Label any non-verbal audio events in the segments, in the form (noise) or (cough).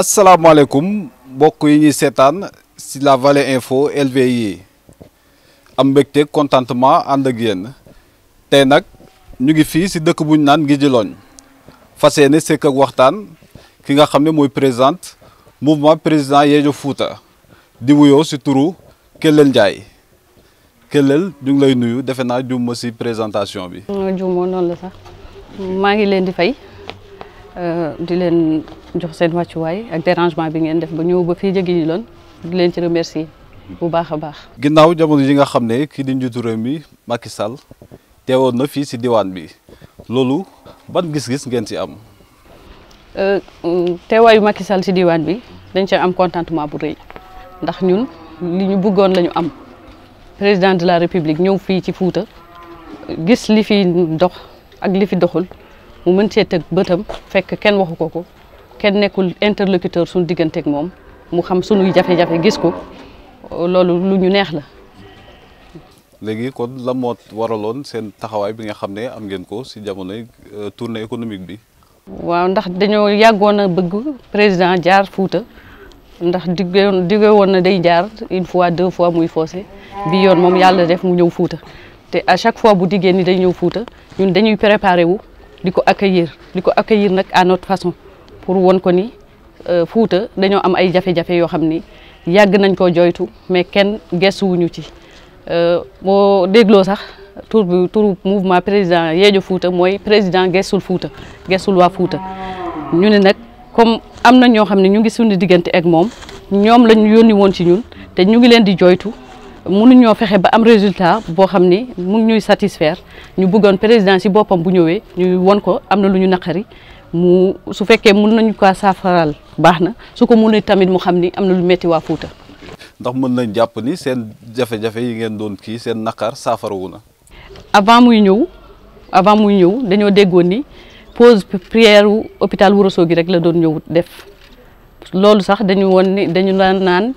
asalaamaaleykum mbokk yi ñuy seetaan si la Vallée Info LVI am bekté contentement ànd ak yéen tey nag ñu ngi fi ci dëkk buñ nane naan Ngidilone fas yéene sekk ak waxtaan ki nga xamné moy présente mouvement président Yeeyo Fouta di wuyoo ci turu Kellel Ndiaye Kellel ñu lay nuyu défé na juum ma présentation bi. juumoo non la sax Ma ngi leen di fay Euh di leen. jox seen wàccuwaay ak dérangement bi ngeen def ba ñëw ba fii jéggi ñu leen ci remercier bu baax a baax. ginnaaw jamono yi nga xam ne kii di njiitu réew mi Macky Sall teewoon na fii si diwaan bi loolu ban gis-gis ngeen ci am. Euh, euh, teewaayu Macky Sall si diwaan bi dañ ci am contentement bu rëy ndax ñun li ñu bëggoon la am président de la république ñëw fii ci Fuuta gis li fi dox ak li fi doxul mu mën see tëg bëtam fekk kenn waxu ko ko. kenn nekkul interlocuteur suñu digganteeg moom mu xam suñuy jafe-jafe gis ko loolu lu ñu neex la. léegi kon la moo waraloon seen taxawaay bi nga xam ne am ngeen ko si jamonoy euh, tournée économique bi. waaw ndax dañoo yàggoon a bëgg président jaar Fuuta ndax diggoon digge woon na day jaar une fois deux fois muy fossé bi yoon moom yàlla def mu ñëw Fuuta te à chaque fois bu diggee ni day ñëw Fuuta ñun dañuy préparer wu di ko accueillir di ko accueillir nag à notre façon. pour won ko ni euh, Fuuta dañoo am ay jafe-jafe yoo xam ni nañ koo joytu mais kenn gestuwuñu ci euh, boo dégloo sax tur bi tur mouvement président Yeejo Fuuta mooy président gestul Fuuta gestul waa Fuuta ñu ne nag comme am na ñoo ne ñu ngi suñu diggante ak moom ñoom lañ yónni woon ci ñun te ñu ngi leen di joytu mënuñoo fexe ba am résultat bo xam ni mu ngi ñuy satisfaire ñu bëggoon président si boppam bu ñëwee ñu won ko am na nakari. mu su fekkee mun nañu ko saafaral baax na su ko mënee tamit mu xam ni am na lu metti waa Fuuta. ndax mën na jàpp ni seen jafe-jafe yi ngeen doon kii seen naqar saafarawu na. avant muy ñëw avant muy ñëw dañoo déggoon ni pause prière wu hôpital Ourossogui rek la doon ñëw def loolu sax dañu woon ni dañu daan naan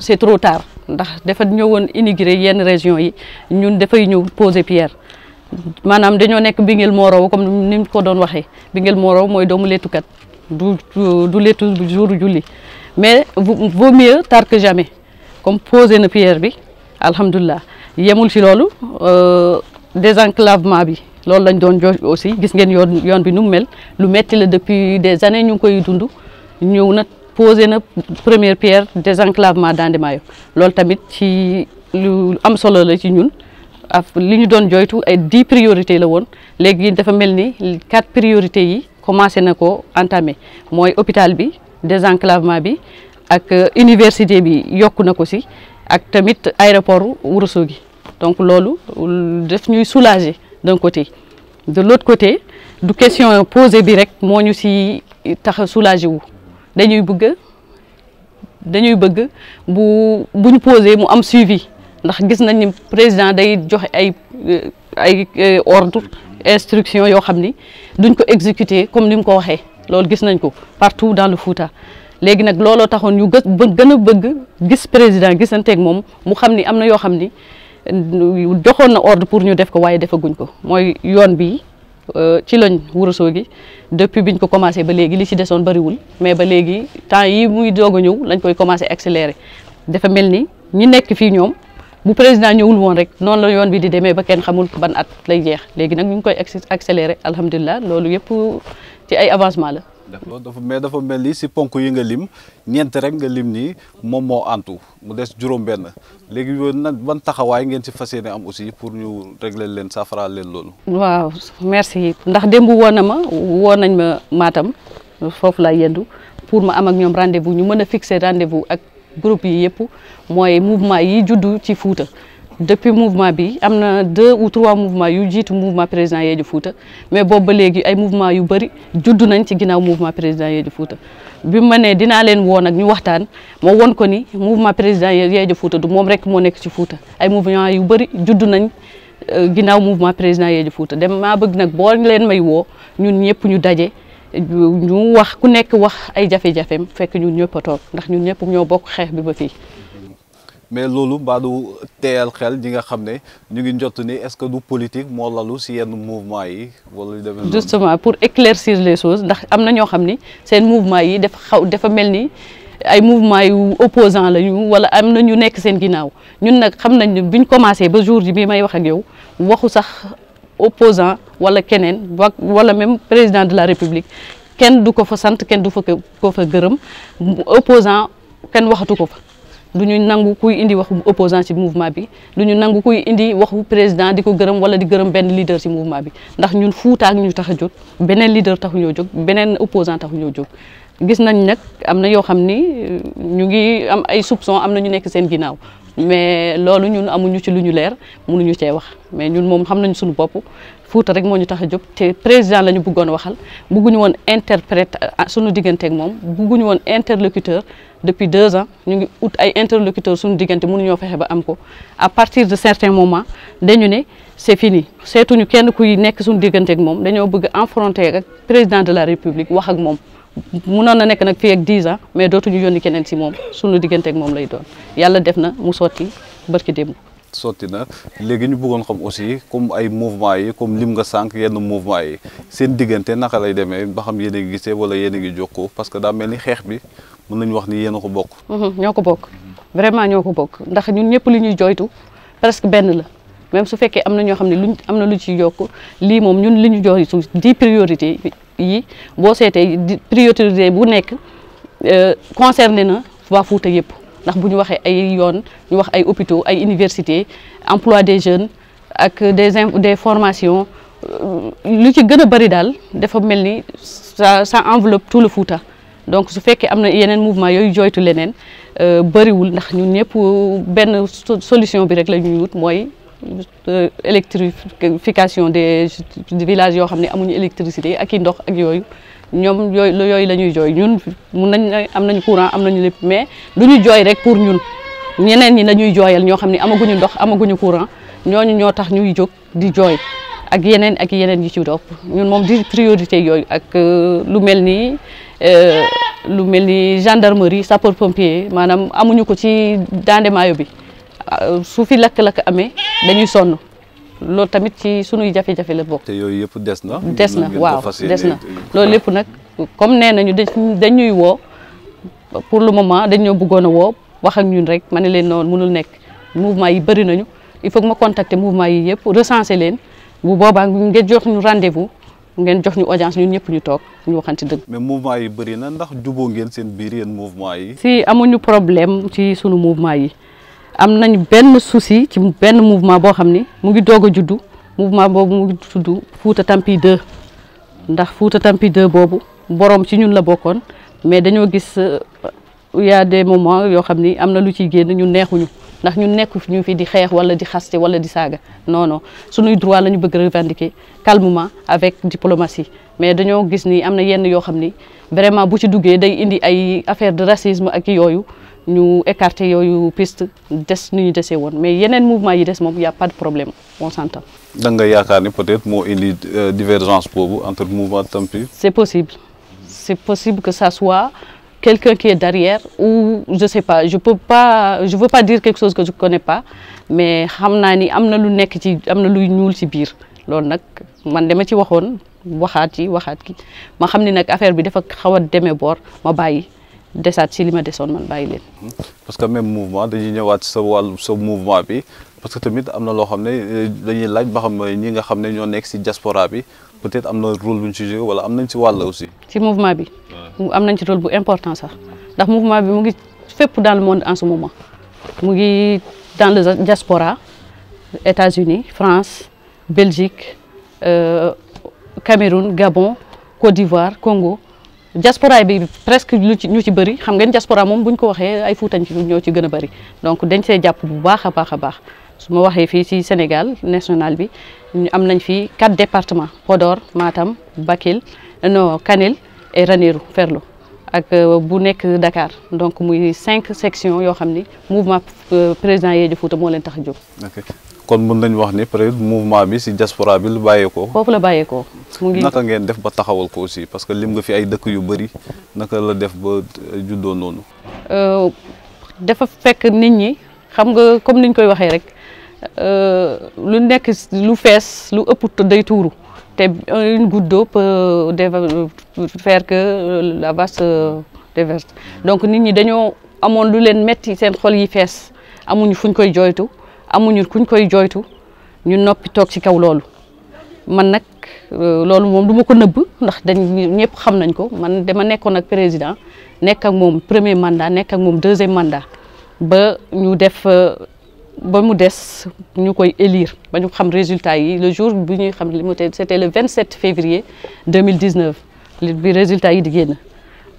c'est trop tard ndax dafa ñëwoon immigré yenn région yi ñun dafay ñëw poser pierre maanaam dañoo nekk Bingel Morow comme ni mu ko doon waxee Bingel Morow mooy doomu leetukat du du leetu jour julli mais vaut mieux tard que jamais comme posé na pierre bi alhamdulilah yemul si loolu euh, désenclavement bi loolu lañ doon jox aussi gis ngeen yoon yoon bi nu mu mel lu metti la depuis des années ñu ngi koy dund ñëw na posé na première pierre désenclavement Dandemayo loolu tamit ci lu am solo la ci ñun. li ñu doon joytu ay 10 priorités la won légui dafa melni 4 quatre priorités yi commencé nako entamer moy hôpital bi désenclavement bi ak euh, université bi yokku na ko si ak tamit aéroport Ourossogui donc lolu def ñuy soulager d'un côté de l'autre côté du question posée bi rek moo si tax soulager wu dañuy bëgg dañuy bëgg bu bu ñu mu am suivi ndax gis nañ ni président day joxe ay euh, ay euh, ordre instruction yoo xam ni duñ ko exécuter comme ni mu ko waxee loolu gis nañ ko partout dans le Fouta léegi nag looloo taxoon ñu gë gën a bëgg gis président gisanteeg moom mu xam ni am na yoo xam ni joxoon na ordre pour ñu def ko waaye defaguñ ko mooy yoon bi euh, ci lañ wurusoo gi depuis biñ ko commencé ba léegi li ci desoon bariwul mais ba léegi temps yi muy doog a ñëw lañ koy commencé accélérer dafa mel ni ñi nekk fii ñoom bu président ñewul woon rek non la yoon bi di démé ba kenn xamul ban at lay jeex légui nak ñu ngi koy accélérer alhamdulilah loolu yépp ci ay avancement la. dafa mais dafa mel ci ponku yi nga lim ñent rek nga lim ni mom mo antu mu dess juroom ben légui yooyu nag ban taxaway ngeen ci fas yéene am aussi pour ñu régler leen saafaraal leen loolu. waaw merci ndax dembu woo na ma woo ma Matam fofu la yendu pour ma am ak ñom rendez-vous ñu mën fixer rendez-vous ak. groupe yi yëpp mooy mouvement yi juddu ci Fouta. depuis mouvement bi am na de ou trois mouvements yu jiitu mouvement président Yeeju Fouta mais boobu ba léegi ay mouvement yu bëri juddu nañ ci ginnaaw mouvement président Yeeju Fouta bi ma ne dinaa leen wo nag ñu waxtaan ma won ko ni mouvement président Yeeju Fouta du moom rek moo nekk ci Fouta ay mouvement yu bëri juddu nañ euh, ginnaaw mouvement président Yeeju Fouta dem maa bëgg nag boo leen may woo ñun ñëpp ñu daje ñu wax ku nek wax ay jafé jafeem fekk ñun ñëpp a ndax ñun ñëpp ñoo bokk xex bi ba fi mais loolu mbaadu téel xel ji nga xamné ñu ngi njott ni est-ce que du politique mo lalu si yenn mouvement yi wala lu justement pour éclaircir les choses ndax amna na ñoo xam seen mouvement yi dafa xaw dafa melni ay mouvement yu opposant la ñu wala amna ñu nek seen ginaaw ñun nak xam nañ biñ commencé ba jour bi may wax ak yow waxu sax opposant wala keneen wala même président de la république kenn du ko fa sant kenn du fa ko fa gërëm opposant kenn waxtu ko fa du ñu nangu kuy indi waxu opposant ci mouvement bi du nangu kuy indi waxu président di ko gërëm wala di gërëm benn leader si mouvement bi ndax ñun fuutaak ñu tax a jóg beneen leader taxuñoo jóg beneen opposant taxuñoo jóg gis nañ nag am na yoo xam ni euh, ñu ngi am ay soupçon am na ñu nekk seen ginnaaw mais loolu ñun amuñu ci lu ñu leer mënuñu cee wax mais ñun moom xam nañ suñu bopp Fouta rek moñu ñu tax té président lañu ñu waxal bëgguñu won interprète ah, suñu digënté ak mom bëgguñu won interlocuteur depuis deux ans ñu ngi out ay interlocuteur suñu digënté mënu ñoo fexé ba am ko à partir de certains moments dañu né c'est fini seetuñu kenn kuy nekk suñu digënté ak mom dañoo bëgg affronter rek président de la république wax ak mom munoon na nekk nak fi ak 10 ans mais dootuñu yoni kenen ci mom suñu digënté ak mom lay doon yalla def na mu soti barki dembu sotti na léegi ñu bëggoon xam aussi comme ay mouvement yi comme lim nga sànq yenn mouvement yi seen diggante naka lay demee ba xam yéen gisee wala yéen a ngi jokkoo parce que daa mel ni xeex bi mun na ñu wax ni yéen a ko bokk. Mhm, ñoo ko bokk vraiment ñoo ko bokk ndax ñun ñëpp li ñuy jooytu presque benn la même su fekkee am na ñoo xam ne luñ am na lu ci yokk lii moom ñun li ñu jooytu di priorité yi boo seetee di priorité bu nekk euh, concerné na waa Fuuta yëpp. ndax bu waxé ay yoon ñu wax ay hôpitaux ay universités emploi des jeunes ak des des formations euh, lu ci gëna bari dal dafa melni ça ça enveloppe tout le Fouta donc su fekkee am na yeneen mouvement yooyu jooytu leneen euh, bëriwul ndax ñun ñëpp ben solution bi rek la ñuy wut mooy euh, électrification des villages yo xamné amuñu électricité ak ndox ak yooyu ñoom yooy yooyu la ñuy jooy ñun mun nañ am nañ courant am nañu lépp mais lu ñuy jooy rek pour ñun ñeneen ñi la ñuy jooyal ñoo xam ne amaguñu ndox amaguñu courant ñooñu ñoo tax ñuy jóg di jooy ak yeneen ak yeneen yi ci dopp ñun moom di priorité yooyu ak euh, lu mel ni euh, lu mel ni gendarmerie sapeur pompier maanaam amuñu ko ci Dande Maayo bi euh, su fi lakk-lakk amee dañuy sonn loolu tamit ci sunuy jafe-jafe la bokk. te yooyu yëpp des na. des na waaw des na loolu lépp nag comme nee nañu dañ ñuy woo pour le moment dañ ñoo buggoon a woo wax ak ñun rek ma ne leen noon munul nekk mouvement yi bëri nañu il faut ma contacter mouvement yi yëpp recenser leen bu boobaa ngeen jox ñu rendez-vous. ngeen jox ñu audience ñun ñëpp ñu toog ñu waxanti dëgg. mais mouvement yi bëri na ndax juboo ngeen seen biir yéen mouvement yi. si amuñu problème ci sunu mouvement yi. am nañ benn souci ci benn mouvement boo xam ni mu ngi doog a juddu mouvement boobu mu ngi tudd Fouta Tampi 2 ndax Fouta Tampi 2 boobu boroom ci ñun la bokkoon mais dañoo gis euh, il des moments yoo xam ni am na lu ciy génn ñu neexuñu ndax ñu nekku ñu fi di xeex wala di xaste wala di saaga non non suñuy la ñu bëgg revendiquer calmement avec diplomatie mais dañoo gis ni am na yenn yoo xam ni vraiment bu ci duggee day indi ay affaire de racisme ak yooyu nous écarter les piste des nu mais desee woon mais yeneen mouvement yi des il y' a pas de problème on s'entend da nga y a peut-être une euh, divergence divergence vous entre mouvement le c'est C'est possible C'est possible que ça soit quelqu'un qui est derrière ou je sais pas je peux pas je veux pas dire quelque chose que je connais pas mais xam ni amna lu nek ci amna lu ñuul ci biir loolu nak man dama ci waxone waxati waxat ki ma xamni nak affaire bi dafa xawa démé bor ma bàyyi desaat ci lima ma man bàyyi leen. Mhm. parce que même mouvement dañuy ñëwaat sa wal sa mouvement bi parce que tamit amna lo xamné ne eh, dañuy laaj ba xam eh, ñi nga xamné ñoo nekk ci diaspora bi peut-être amna rôle bu ñu si joué wala amnañ ci wal aussi. ci mouvement bi. amnañ ci rôle bu important sax ndax mouvement bi mu ngi fépp dans le monde en ce moment mu ngi dans le diaspora États-Unis France Belgique euh, Cameroun Gabon Côte d'Ivoire Congo diaspora bi presque ñu ci bari xam ngeen diaspora moom buñ ko waxé ay footañ ci ñoo ci gëna bari donc dañ see japp bu baaxa baaxa baax suma waxé fi ci Sénégal national bi ñu am nañ fi quatre départements Podor Matam Bakel non Kanel et Ranirou Ferlo ak euh, bu nekk Dakar donc muy 5 sections yo xamni mouvement euh, président Yeeji foota mo leen tax a jóg. kon mën nañ wax ni peut-être mouvement bi si diaspora bi lu foofu la bàyyeekoo. mu naka ngeen def ba taxawal ko aussi parce que lim nga fi ay dëkk yu bëri naka la def ba euh, juddoo noonu. Euh, dafa fekk nit ñi xam nga comme niñ koy waxee rek euh, lu nekk lu fees lu ëpp day tuuru. te une goutte d'eau peut faire que la vase se donc nit ñi dañoo amoon lu leen metti seen xol yi fees amuñu fuñ koy jooytu. amuñu kuñ koy jooytu ñu noppi toog ci kaw loolu man nag euh, loolu moom du ma ko nëbb ndax dañ ñëpp xam nañ ko man dama nekkoon ak président nekk ak moom premier mandat nekk ak moom deuxième mandat ba ñu def euh, ba mu des ñu koy élire ba ñu xam résultat yi le jour bi ñu xam li mu te c'était le 27 février 2019 li bi résultat yi di génn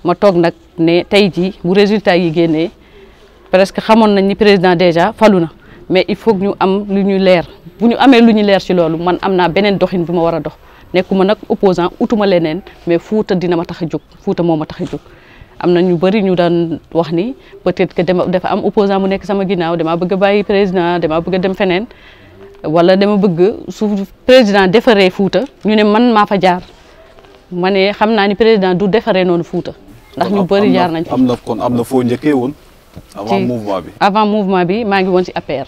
ma toog nag ne tey jii bu résultat yi génnee presque xamoon nañ ni président déjà falu na mais il faut ñu am lu ñu leer bu ñu amee lu ñu leer ci loolu man am naa beneen doxin bu ma war a dox ma nag opposant utuma leneen mais Fuuta dina ma tax a jóg Fuuta moo ma tax a jóg. am na ñu bëri ñu daan wax ni peut-être que dama dafa am opposant bu nekk sama ginnaaw damaa bëgg bàyyi président damaa bëgg dem feneen wala dama bëgg su président defaree Fuuta ñu ne man maa fa jaar ma ne xam naa ni président du defaree noonu Fuuta. ndax ñu bëri jaar nañ am na kon am na foo njëkkee woon. avant mouvement bi avant mouvement bi maa ngi woon ci APR.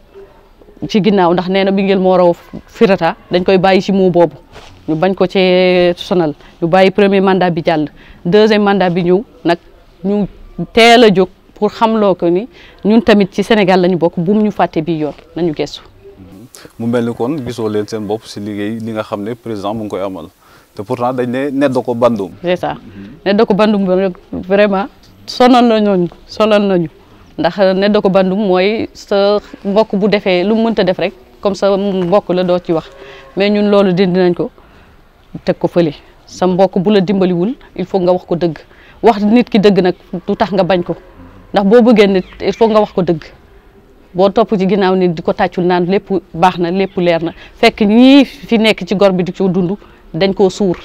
ci ginnaaw ndax nee na bi ngeen moo raw firata dañ koy bàyyi ci muu boobu ñu bañ ko cee sonal ñu bàyyi premier mandat bi jàll deuxième mandat bi ñëw nag ñu teel a jóg pour xamloo ko ni ñun tamit ci Sénégal la bokk bu mu ñu fàtte bi yoon ñu gëstu. Mhm. mu mel ni kon gisoo leen seen bopp si liggéey li nga xam ne président mu ngi koy amal te pourtant dañ ne nedda ko bandum. c'est ça mhm. ko bandum vraiment sonal nañu sonal nañu. ndax ne da ko bandum mooy sa mbokk bu defee lu mu mënta def rek comme sa mbokk la doo ci wax mais ñun loolu dindi nañ ko teg ko fële sa mbokk bu la dimbaliwul il faut nga wax ko dëgg wax nit ki dëgg nag du tax nga bañ ko ndax boo bëggee nit il faut nga wax ko dëgg boo topp ci ginnaaw nit di ko tàccul naan lépp baax na lépp leer na fekk ñii fi nekk ci gor bi di ko dund dañ ko suur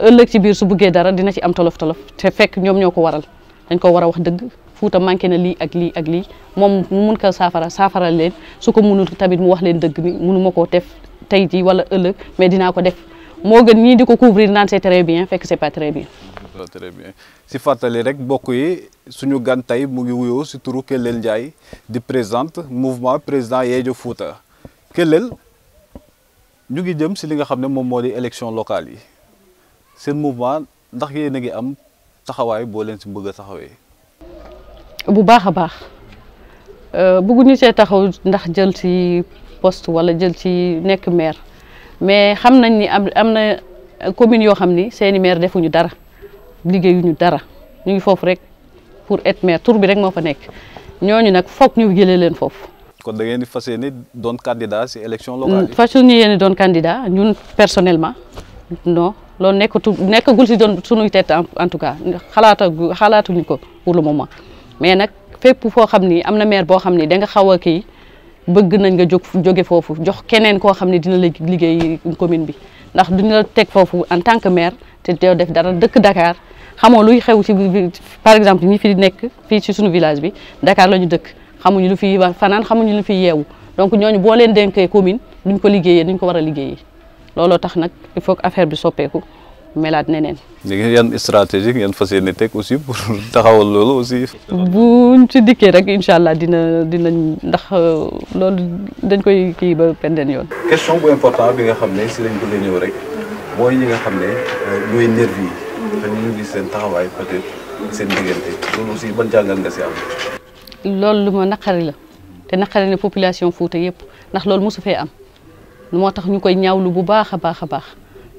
ëllëg ci biir su buggee dara dina ci am tolof tolof te fekk ñoom ñoo ko waral dañ ko war a wax dëgg Fouta manké na li ak li ak li mom mu mën ko safara safara len suko mënul tamit mu wax len deug bi munu ma def tay ji wala euleuk mais dina ko def mo gën ni diko couvrir nan c'est très bien fekk c'est pas très bien. très bien si fatali rek bokku yi suñu gan tay mu ngi wuyo ci turu Kellel Ndiaye di présente mouvement président Yeejo Fouta kelel ñu ngi jëm ci li nga xam mom modi élection locale yi sen mouvement ndax yéen a ngi am taxaway bo len ci bëgg a bu baax a baax euh, bëgguñu see taxaw ndax jël ci poste wala jël ci nekk maire mais xam nañ ni am am na commune yoo xam ni seeni maire defuñu dara liggéeyu ñu dara ñu ngi foofu rek pour être maire tour bi rek moo fa nekk ñooñu nag foog ñu jëlee leen foofu. kon da ngeen di fas yéene doon candidat si élection locale yi. fas yéene doon candidat ñun personnellement non loolu nekkatul nekkagul si doon suñuy tête en tout cas xalaata xalaatuñu ko pour le moment. mais nag fépp foo xam ni am na maire boo xam ni da nga xaw a kii bëgg nañ nga jóg jóge foofu jox keneen koo xam ni dina la liggéey commune bi ndax duñu teg foofu en tant que maire te doo def dara dëkk Dakar xamoo luy xew ci par exemple ñi fi nekk fii ci suñu village bi Dakar la ñu dëkk xamuñu lu fi fanaan xamuñu lu fi yeewu donc ñooñu boo leen dénkee commune duñ ko liggéeyee duñ ko war a liggéeyee looloo tax nag il faut que affaire bi soppeeku melaat ne léegi yan stratégie yan fas yéene teg aussi pour (laughs) taxawal loolu aussi. ñu ci dikkee rek incha allah dina dinañ ndax euh, loolu dañ koy kii ba pendeen yoon. question bu important bi nga xam ne si lañ rek mooy ñi nga xam ne euh, ñooy nervi yi. te ñu gis seen taxawaay peut-être seen diggante loolu aussi ban jàngal nga si am. loolu ma naqari la te naqari ne population Fouta yëpp ndax loolu ma su fee am moo tax ñu koy ñaawlu bu baax a baax a baax.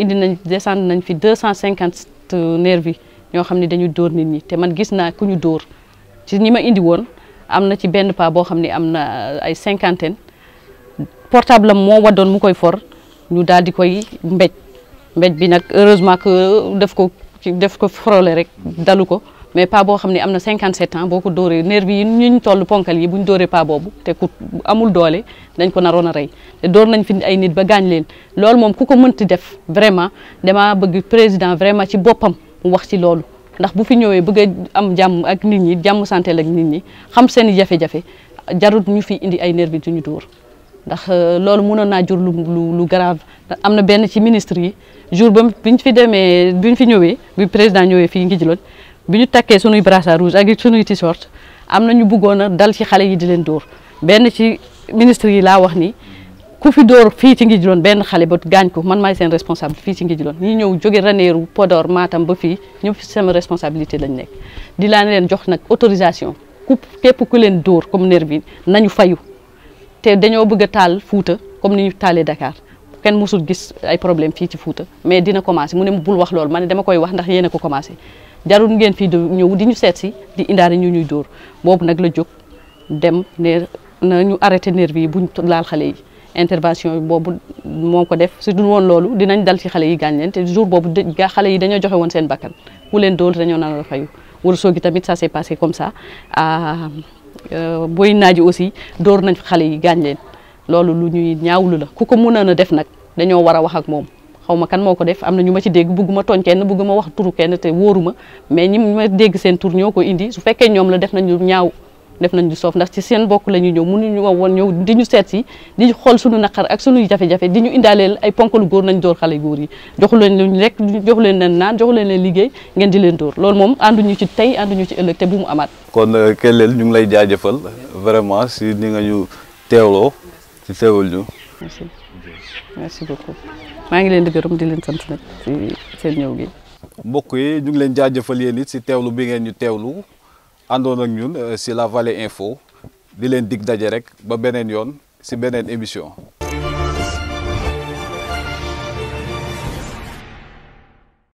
indi nañ descendre nañ fi deux cent cinquante nervi ñoo xam ne dañu dóor nit ñi te man gis naa ku ñu dóor ci ñi ma indi woon am na ci benn pas boo xam ne am na euh, ay cinquantaine portable moo waddoon mu koy for ñu daal di koy mbej mbej bi nag heureusement que def ko def ko rek dalu ko mais pas boo xam ne am na 57 ans boo ko dóoree nerf yi ñu toll ponkal yi bu ñu dóoree pas boobu te kut amul doole dañ ko naroon a rey te dóor nañ fi ay nit ba gaañ leen loolu moom ku ko mënti def vraiment damaa bëgg président vraiment ci boppam wax ci loolu ndax bu fi ñëwee bëgg am jàmm ak nit ñi jàmm santel ak nit ñi xam seen i jafe-jafe jarut ñu fi indi ay nerf yi ñu dóor ndax euh, loolu mënoon naa jur lu lu lu grave am na benn ci ministre yi jour ba fi demee bi ñu fi ñëwee bi président ñëwee fii ngi jëloon bi ñu takkee sunuy brassard rouge ak sunuy t-shirt am na ñu bëggoon a dal si xale yi di leen door benn ci ministre yi laa wax ni ku fi door fii ci Nguidjilone benn xale boo gaañ ko man maay seen responsable fii si ci Nguidjilone ñi ñëw jóge Ranérou podoor Matam ba fii ñëpp fi sama responsabilité lañ nekk di laa leen jox nag autorisation ku képp ku leen door comme nervi nañu fayu te dañoo bëgg a taal Fuuta comme ni ñu taalee Dakar kenn mosul gis ay problème ci Fuuta mais dina commencé mu ne mu bul ne dama koy wax ndax yéen ko commencé jarul ngeen fii di ñëw di ñu seet si di indaari ñu ñuy dóor boobu nag la jóg dem ne na ñu arrêté nervi bu ñu laal xale yi intervention boobu moo ko def si du woon loolu dinañ dal ci xale yi gaañ leen te jour boobu xale yi dañoo joxe woon seen bakkan ku leen dóor dañoo naan la fayu Ourossogui tamit ça s'est passé comme ça euh, booy naaji aussi dóor nañ xale yi gaañ leen loolu lu ñuy ñaawlu la ku ko mënoon a def nag dañoo war a wax ak moom xaw ma kan moo ko def am na ñu ma ci dégg bugguma tooñ kenn bugguma wax turu kenn te wóoruma mais ñi ma dégg seen tur ñoo ko indi su fekkee ñoom la def nañu ñaaw def nañu soof ndax ci seen bokk la ñuy ñëw mënuñu woon ñëw di ñu seet si di xool sunu naqar ak suñuy jafe-jafe di ñu indaaleel ay ponkalu góor nañ dóor xale góor yi joxu leen luñ lekk joxu leen leen naan joxu leen leen liggéey ngeen di leen dóor lool moom ànduñu ci tey ànduñu ci ëllëg te bu mu amaat kon euh, Kellel ñu ngi lay jaajëfal vraiment si ni nga ñu teewloo ci teewal ñu merci maa ngi leen di gërëm di leen sant nag ci seen ñëw gi. mbokk yi ñu ngi leen jaajëfal yéen it si teewlu bi ngeen ñu teewlu àndoon ak ñun si euh, la Vallée Info di leen dig daje rek ba beneen yoon si beneen émission.